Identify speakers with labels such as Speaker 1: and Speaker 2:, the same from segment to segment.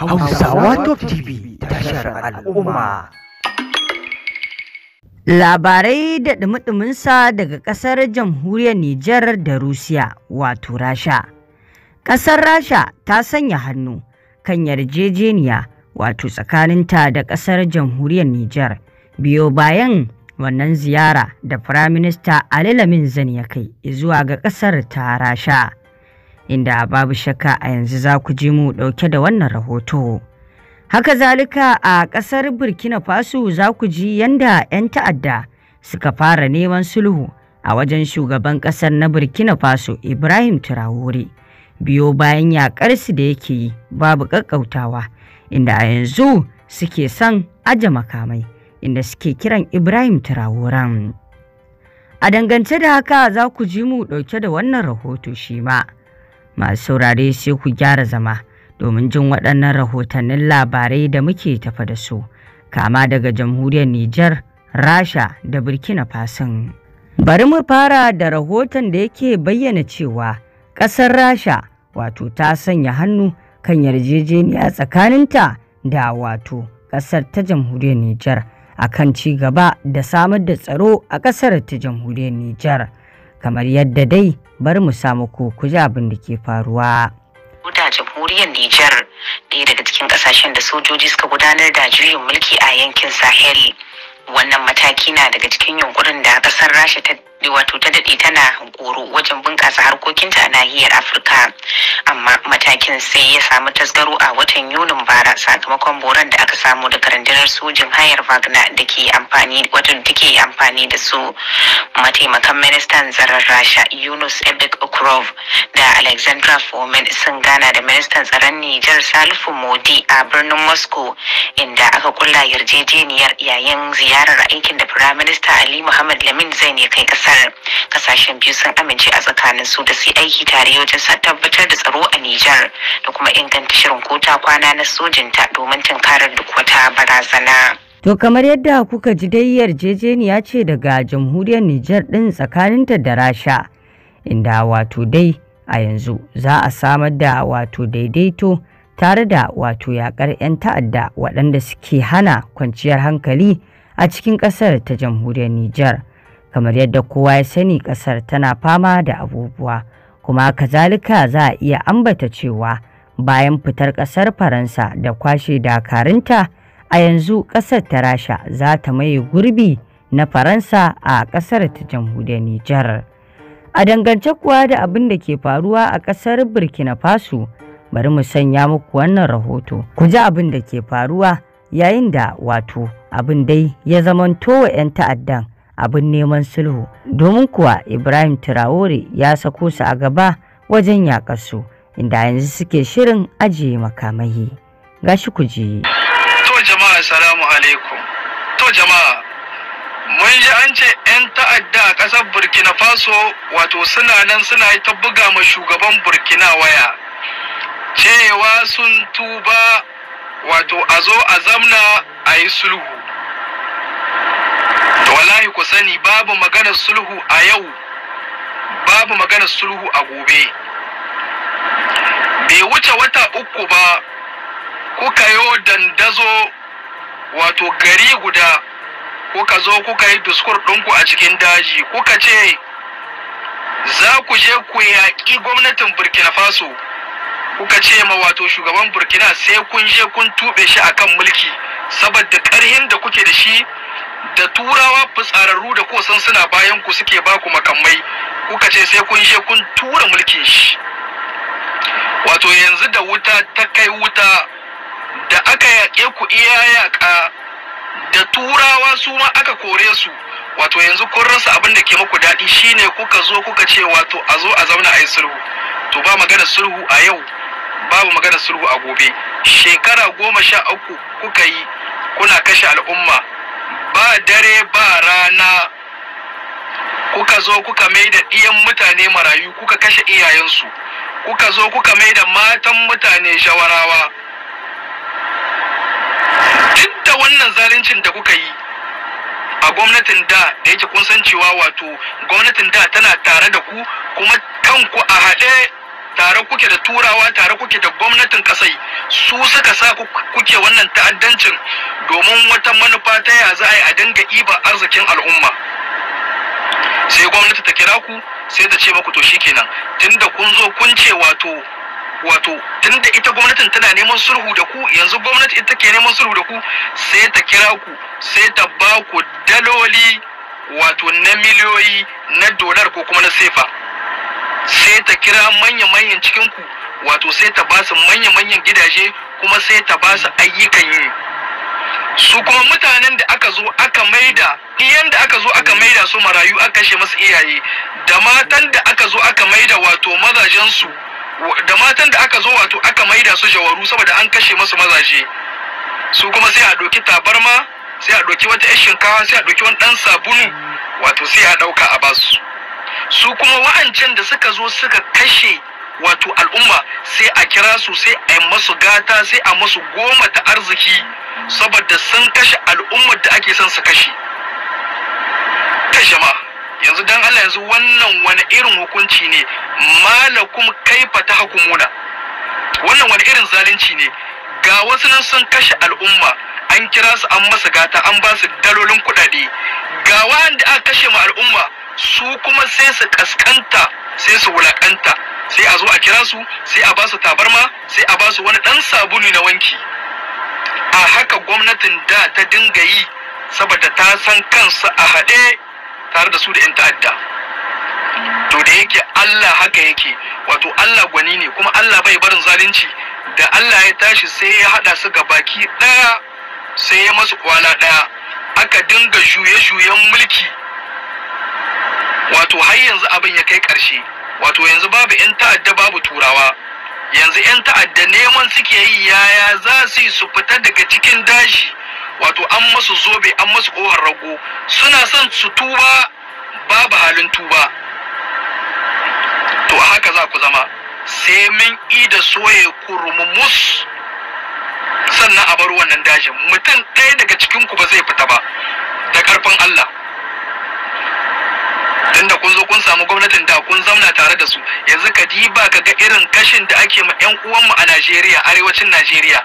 Speaker 1: Hausawa Top TV tashar al'umma. Labarai da ɗumi sa daga ƙasar jamhuriyar Nijar da Rusiya wato Rasha. Ƙasar Rasha ta sanya hannu kan yarjejeniya wato tsakaninta da ƙasar jamhuriyar Nijar biyo bayan wannan ziyara da Firaminista Ali Lamin Zan ya kai zuwa ga ƙasar ta Rasha. inda babu shakka a yanzu za ku ji mu ɗauke da wannan rahoto. Haka zalika a ƙasar Burkina Faso za ku ji yanda 'yan ta'adda suka fara neman sulhu a wajen shugaban ƙasar na Burkina Faso Ibrahim Traore. Biyo bayan yaƙarsu da yake yi babu ƙaƙƙautawa inda a yanzu suke son aje makamai inda suke kiran Ibrahim Traoren. A dangance da haka za ku ji mu ɗauke da wannan rahoto shi ma. masu saurare sai ku gyara zama domin jin waɗannan rahotannin labarai da muke tafa da su kama daga jamhuriyar Nijar, Rasha da Burkina Faso. Bari mu fara da rahoton da yake bayyana cewa ƙasar Rasha wato ta sanya hannu kan yarjejeniya tsakaninta da wato ƙasar ta jamhuriyar Nijar akan ci gaba da samar da tsaro a ƙasar ta jamhuriyar Nijar. kamar yadda dai bar mu samu ku ku ji abin da ke faruwa. da jamhuriyar Nijar ɗaya daga cikin ƙasashen da sojoji suka gudanar da juyin mulki a yankin Sahel. Wannan mataki na daga cikin yunkurin da ƙasar Rasha ta wato ta daɗe tana goro wajen bunƙasa harkokinta a nahiyar afirka amma matakin sai ya samu tasgaro a watan yunin bara sakamakon boran da aka samu daga rundunar sojin hayar wagner da ke amfani wato da ke amfani da su mataimakan ministan tsaron rasha yunus ebek okrov da alexandra fomin sun gana da ministan tsaron nijar salifu modi a birnin moscow inda aka kulla yarjejeniyar yayin ziyarar aikin da firaminista ali muhammad lamin zai ne kai ƙasa shekarar kasashen biyu sun amince a tsakanin su da su aiki tare wajen tabbatar da tsaro a Nijar da kuma inganta shirin kota kwana na sojinta domin tunkarar duk wata barazana. To kamar yadda kuka ji dai yarjejeniya ce daga jamhuriyar Nijar ɗin tsakaninta da Rasha, inda wato dai a yanzu za a samar da wato daidaito tare da wato yakar 'yan ta'adda waɗanda suke hana kwanciyar hankali a cikin ƙasar ta jamhuriyar Nijar. kamar yadda kowa ya sani kasar tana fama da abubuwa kuma kazalika za a iya ambata cewa bayan fitar kasar faransa da kwashe dakarunta a yanzu kasar ta rasha za ta maye gurbi na faransa a kasar ta jamhuriyar nijar a dangance kuwa da abin da ke faruwa a kasar burkina faso bari mu sanya muku wannan rahoto ku ji abin da ke faruwa yayin da wato abin dai ya zamanto wa 'yan ta'addan abin neman sulhu domin kuwa ibrahim Traore ya sako su a gaba wajen yakarsu inda yanzu suke shirin ajiye makamai shi ku je
Speaker 2: to jama'a assalamu alaikum to jama'a mun ji an ce 'yan ta'adda a ƙasar burkina faso wato suna nan suna yi ta buga ma shugaban burkina waya cewa sun tuba wato a zo a zamna a yi sulhu wallahi ku sani babu maganar sulhu a yau babu maganar sulhu a gobe bai wuce wata uku ba kuka yo dandazo wato gari guda kuka zo kuka yi duskur ɗinku a cikin daji kuka ce za ku je ku yaƙi gwamnatin burkina faso kuka ce ma wato shugaban burkina sai kun je kun tuɓe shi akan mulki saboda ƙarhin da kuke da shi da turawa fitsararru da kosan suna bayan ku suke ba ku makamai kuka ce sai kun je kun tura mulkin shi wato yanzu da wuta ta kai wuta da aka yaƙe ku iya yaƙa da turawa su ma aka kore su wato yanzu kun rasa abin da ke muku daɗi shine kuka zo kuka ce wato a zo a zauna a yi sulhu to ba magana sulhu a yau babu magana sulhu a gobe shekara goma sha uku kuka yi kuna kashe al'umma ba dare ba rana kuka zo kuka mai da ɗiyan mutane marayu kuka kashe iyayensu kuka zo kuka mai da matan mutane shawarawa duk da wannan zaluncin da kuka yi a gwamnatin da da yake kun san cewa wato gwamnatin da tana tare da ku kuma kanku a haɗe tare kuke da turawa tare kuke da gwamnatin kasai su suka sa kuke wannan ta'addancin domin wata manufa ta ya za a yi a dinga iba arzikin al'umma sai gwamnati ta kira ku sai ta ce muku to shikenan tunda kun zo kun ce wato wato tunda ita gwamnatin tana neman sulhu da ku yanzu gwamnati ita ke neman sulhu da ku sai ta kira ku sai ta ba ku daloli wato na miliyoyi na dolar ko kuma na sefa sai ta kira manya-manyan cikin ku wato sai ta ba su manya-manyan gidaje kuma sai ta ba su ayyukan yi su kuma mutanen da aka zo aka maida iyan da aka zo aka maida su marayu aka kashe masu iyaye da matan da aka zo aka maida wato mazajensu da matan da aka zo wato aka maida su jawaru saboda an kashe masu mazaje su kuma sai a ɗauki tabarma sai a ɗauki wata ƴan shinkawa sai a ɗauki wani ɗan sabulu wato sai a ɗauka a basu su kuma wa'ancan da suka zo suka kashe wato al'umma sai a kira su sai a masu gata sai a masu goma ta arziki saboda sun kashe al'ummar da ake son su kashe ta ma yanzu dan Allah yanzu wannan wani irin hukunci ne malakum kaifa ta hukumuna wannan wani irin zalunci ne ga wasu nan sun kashe al'umma an kira su an masa gata an ba su dalolin kuɗaɗe ga wanda aka kashe ma al'umma su kuma sai su kaskanta sai su wulakanta sai a zo a kira su sai a ba su tabarma sai a ba su wani ɗan sabulu na wanki a haka gwamnatin da ta dinga yi saboda ta san kansu a haɗe tare da su da 'yan ta'adda to da yake Allah haka yake wato Allah gwani ne kuma Allah bai barin zalunci da Allah ya tashi sai ya haɗa su ga baki ɗaya sai ya masu kwana ɗaya aka dinga juye-juyen mulki wato har yanzu abin ya kai ƙarshe wato yanzu babu 'yan ta'adda babu turawa yanzu 'yan ta'adda neman suke yi yaya za su yi su fita daga cikin dashi wato an masu zobe an masu kohar rago suna son su tuba babu halin tuba to haka za ku zama sai mun ida soye kurmumus sannan a bar wannan dashin mutum ɗaya daga cikin ku ba zai fita ba da ƙarfin Allah tunda kun zo kun samu gwamnatin da kun zamna tare da su yanzu ka ba ka ga irin kashin da ake ma yan uwanmu a Najeriya arewacin Najeriya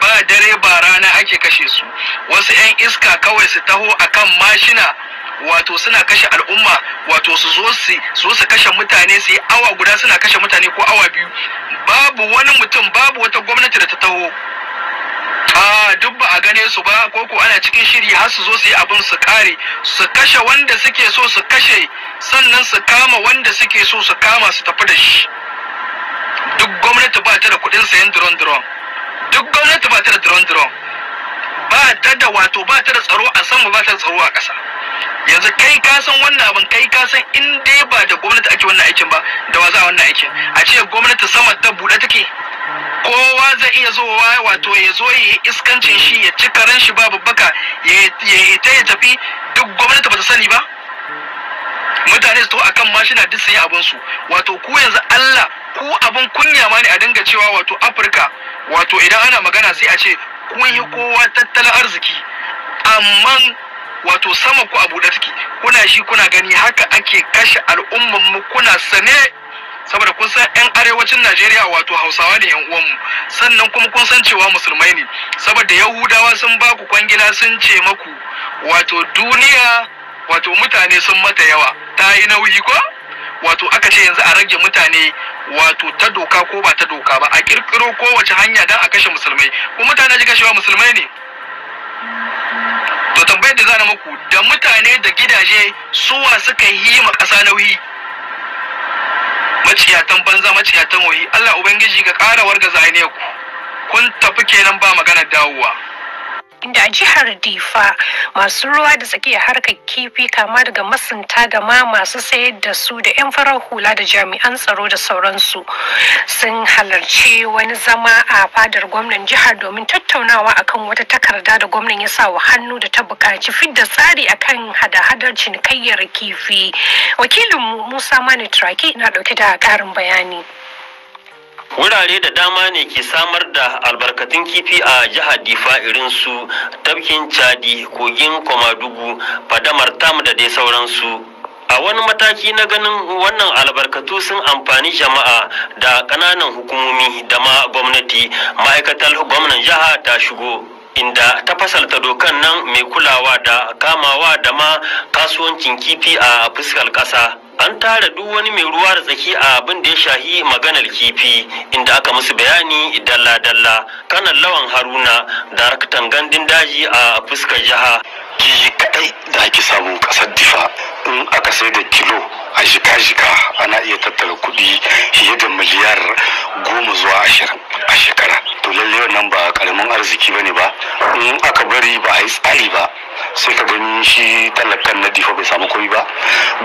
Speaker 2: ba dare ba rana ake kashe su wasu yan iska kawai su taho akan mashina wato suna kashe al'umma wato su zo su zo su kashe mutane su yi awa guda suna kashe mutane ko awa biyu babu wani mutum babu wata gwamnati da ta taho a duk ba a gane su ba koko ana cikin shiri har su zo su yi abin su kare su kashe wanda suke so su kashe sannan su kama wanda suke so su kama su tafi da shi duk gwamnati ba ta da kuɗin sayan drone drone duk gwamnati ba ta da drone drone ba ta da wato ba ta da tsaro a sama ba ta da tsaro a ƙasa yanzu kai ka san wannan abin kai ka san in dai ba da gwamnati ake wannan aikin ba da wa za wannan aikin a ce gwamnati sama ta buɗe take kowa zai iya wa wato ya zo ya iskancin shi ya ci karen shi babu baka ya ta ya tafi duk gwamnati ba ta sani ba mutane su to akan mashina duk su yi abin su wato ku yanzu Allah ku abin kunya ma ne a dinga cewa wato Afirka wato idan ana magana sai a ce kun yi kowa tattalin arziki amma wato sama ku abu da suke kuna shi kuna gani haka ake kashe al'umman mu kuna sane saboda kun san 'yan arewacin najeriya wato hausawa ne 'yan uwanmu sannan kuma kun san cewa musulmai ne saboda yahudawa sun ba ku kwangila sun ce maku wato duniya wato mutane sun mata yawa ta yi nauyi ko wato aka ce yanzu a rage mutane wato ta doka ko ba ta doka ba a kirkiro kowace hanya don a kashe musulmai ko mutane ji kashewa musulmai ne to tambayar da zana muku da mutane da gidaje suwa suka yi ma ƙasa nauyi maciyatan banza maciyatan wahi Allah ubangiji ga ƙara warga ku kun tafi kenan ba maganar dawowa
Speaker 3: inda a jihar difa masu ruwa da tsakiyar harkar kifi kama daga masunta da ma masu sayar da su da 'yan farar hula da jami'an tsaro da sauransu sun halarci wani zama a fadar gwamnan jihar domin tattaunawa akan wata takarda da gwamnan ya sa wa hannu da ta buƙaci fidda tsari akan hada-hadar cinikayyar kifi wakilin musa mani traki na ɗauke da ƙarin bayani wurare da dama ne ke samar da albarkatun kifi a jihar difa irinsu Tabkin chadi kogin komadugu fadamar tam da dai sauransu a wani mataki na ganin wannan albarkatu sun amfani jama'a da ƙananan hukumomi da ma gwamnati ma'aikatar gwamnan jiha ta shigo inda ta fasalta dokan nan mai kulawa da kamawa da ma kasuwancin kifi a fuskar ƙasa an tara duk wani mai ruwa da tsaki a abin da ya shahi maganar kifi inda aka musu bayani dalla-dalla kanan lawan haruna da daraktan gandun daji a fuskar jiha kiji kadai da ake
Speaker 2: samu kasar difa in aka sai da kilo a jika-jika ana iya tattara kuɗi fiye da miliyar goma zuwa ashirin a shekara to lallai wannan ba karamin arziki bane ba in aka bari ba a yi tsari ba sai ka gani shi
Speaker 3: tallafin na difa bai samu ba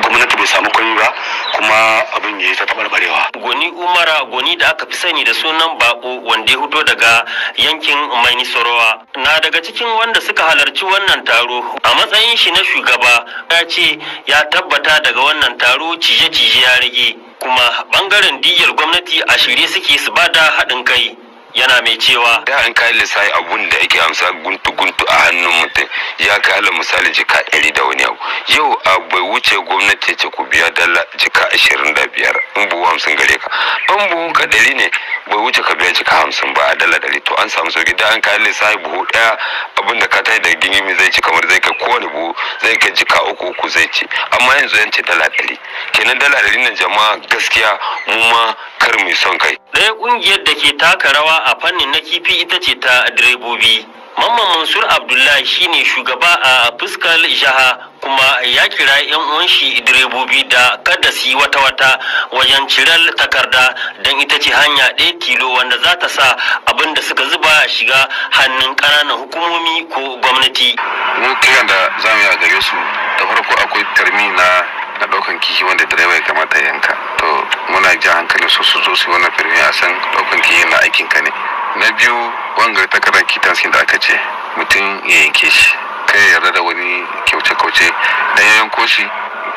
Speaker 3: gwamnati bai samu komi ba kuma abin ya yi ta tabarbarewa goni umara goni da aka fi sani da sunan bako wanda ya hudo daga yankin mai sorowa na daga cikin wanda suka halarci wannan taro a matsayin shi na shugaba ya ce ya tabbata daga wannan taro cije-cije ya rage kuma bangaren diyar gwamnati a shirye suke su bada haɗin kai yana mai cewa da an kai lissafi abun da ake amsa guntu guntu a hannun mutum ya kai alal misali jika ɗari da wani abu yau a bai wuce gwamnati ce ku biya dala jika ashirin da biyar in buhu hamsin gare ka in buhun ka ɗari ne bai wuce ka biya cika hamsin ba a dala ɗari to an samu sauki da an kayi lissafi buhu ɗaya abin da ka tai da mai zai ci kamar zai kai kowane buhu zai kai jika uku uku zai ci amma yanzu yan ce dala ɗari kenan dala ɗari na jama'a gaskiya mu ma kar mu son kai. ɗaya ƙungiyar da ke taka rawa a fannin na kifi ita ce ta direbobi. Mamman Mansur Abdullahi shine shugaba a fuskar jiha kuma ya kira 'yan uwanshi direbobi da kada su yi wata-wata wajen cirar takarda don ita ce hanya ɗaya tilo wanda za ta sa abin da suka zuba shiga hannun ƙananan hukumomi ko gwamnati. Mu kiran da za mu yi a gare su da farko akwai tarmi na na ɗaukan kishi wanda direba ya kamata yanka. To muna jan hankali su su zo su wannan firmi a san ɗaukan kishi na aikin ka ne. Na biyu wangar kitan sin da aka ce mutum ya yanke shi kai yarda da wani kyauce-kyauce dan ya yanko shi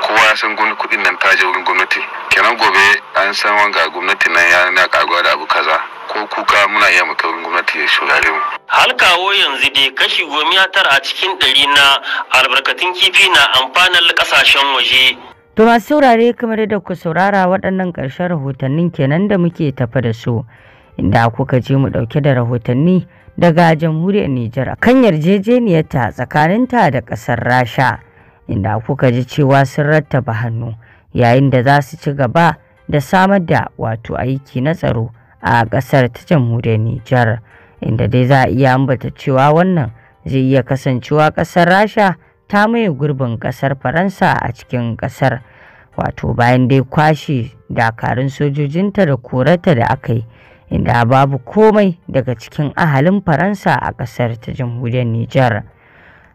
Speaker 3: kowa ya san gwamnati kudin nan ta je wurin gwamnati kenan gobe an san wanga gwamnati nan ya na karuwa da abu kaza ko kuka muna iya mutum wurin gwamnati ya shugare mu Halkawo yanzu dai kashi goma tara a cikin ɗari na albarkatun kifi na amfanar kasashen
Speaker 1: waje to masu saurare kamar da ku saurara waɗannan ƙarshen rahotannin kenan da muke tafa da su inda kuka je mu dauke da rahotanni daga jamhuriyar Nijar kan yarjejeniyarta tsakaninta da kasar Rasha inda kuka ji cewa sun rattaba hannu yayin da za su ci gaba da samar da wato aiki na tsaro a kasar ta jamhuriyar Nijar inda dai za a iya ambata cewa wannan zai iya kasancewa kasar Rasha ta maye gurbin kasar Faransa a cikin kasar wato bayan dai kwashe dakarun sojojinta da korata da aka yi inda babu komai daga cikin ahalin Faransa a ƙasar ta jamhuriyar Nijar.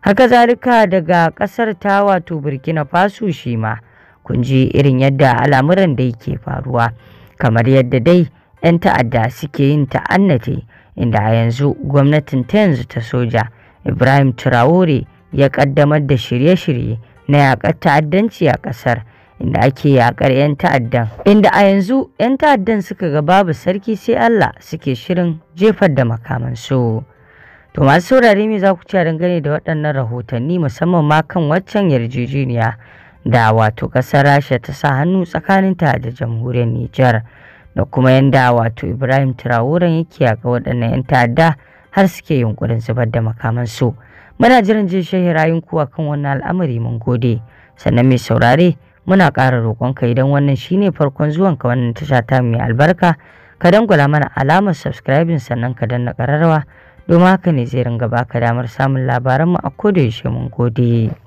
Speaker 1: Haka zalika daga ƙasar ta wato Burkina Faso shi ma, kun ji irin yadda al'amuran da yake faruwa, kamar yadda dai 'yan ta'adda suke yin ta'annate inda a yanzu gwamnatin ta yanzu ta soja Ibrahim Traore ya ƙaddamar da shirye-shirye na yaƙar ta'addanci a ƙasar inda ake yakar 'yan ta'addan inda a yanzu 'yan ta'addan suka ga babu sarki sai Allah suke shirin jefar da makamansu to masu saurare me za ku ci dangane da waɗannan rahotanni musamman ma kan waccan yarjejeniya da wato ƙasar rasha ta sa hannu tsakanin da jamhuriyar nijar da kuma yanda wato ibrahim traoren yake yaƙa waɗannan 'yan ta'adda har suke yunkurin zubar da makamansu muna jiran jin shahirayinku kuwa kan wannan al'amari mun gode sannan mai saurare muna ƙara roƙonka idan wannan shine farkon zuwanka wannan tasha ta mai albarka ka dangwala mana alamar subscribing sannan ka danna ƙararrawa domin haka ne zai ringa baka damar samun labaranmu a kodayaushe mun gode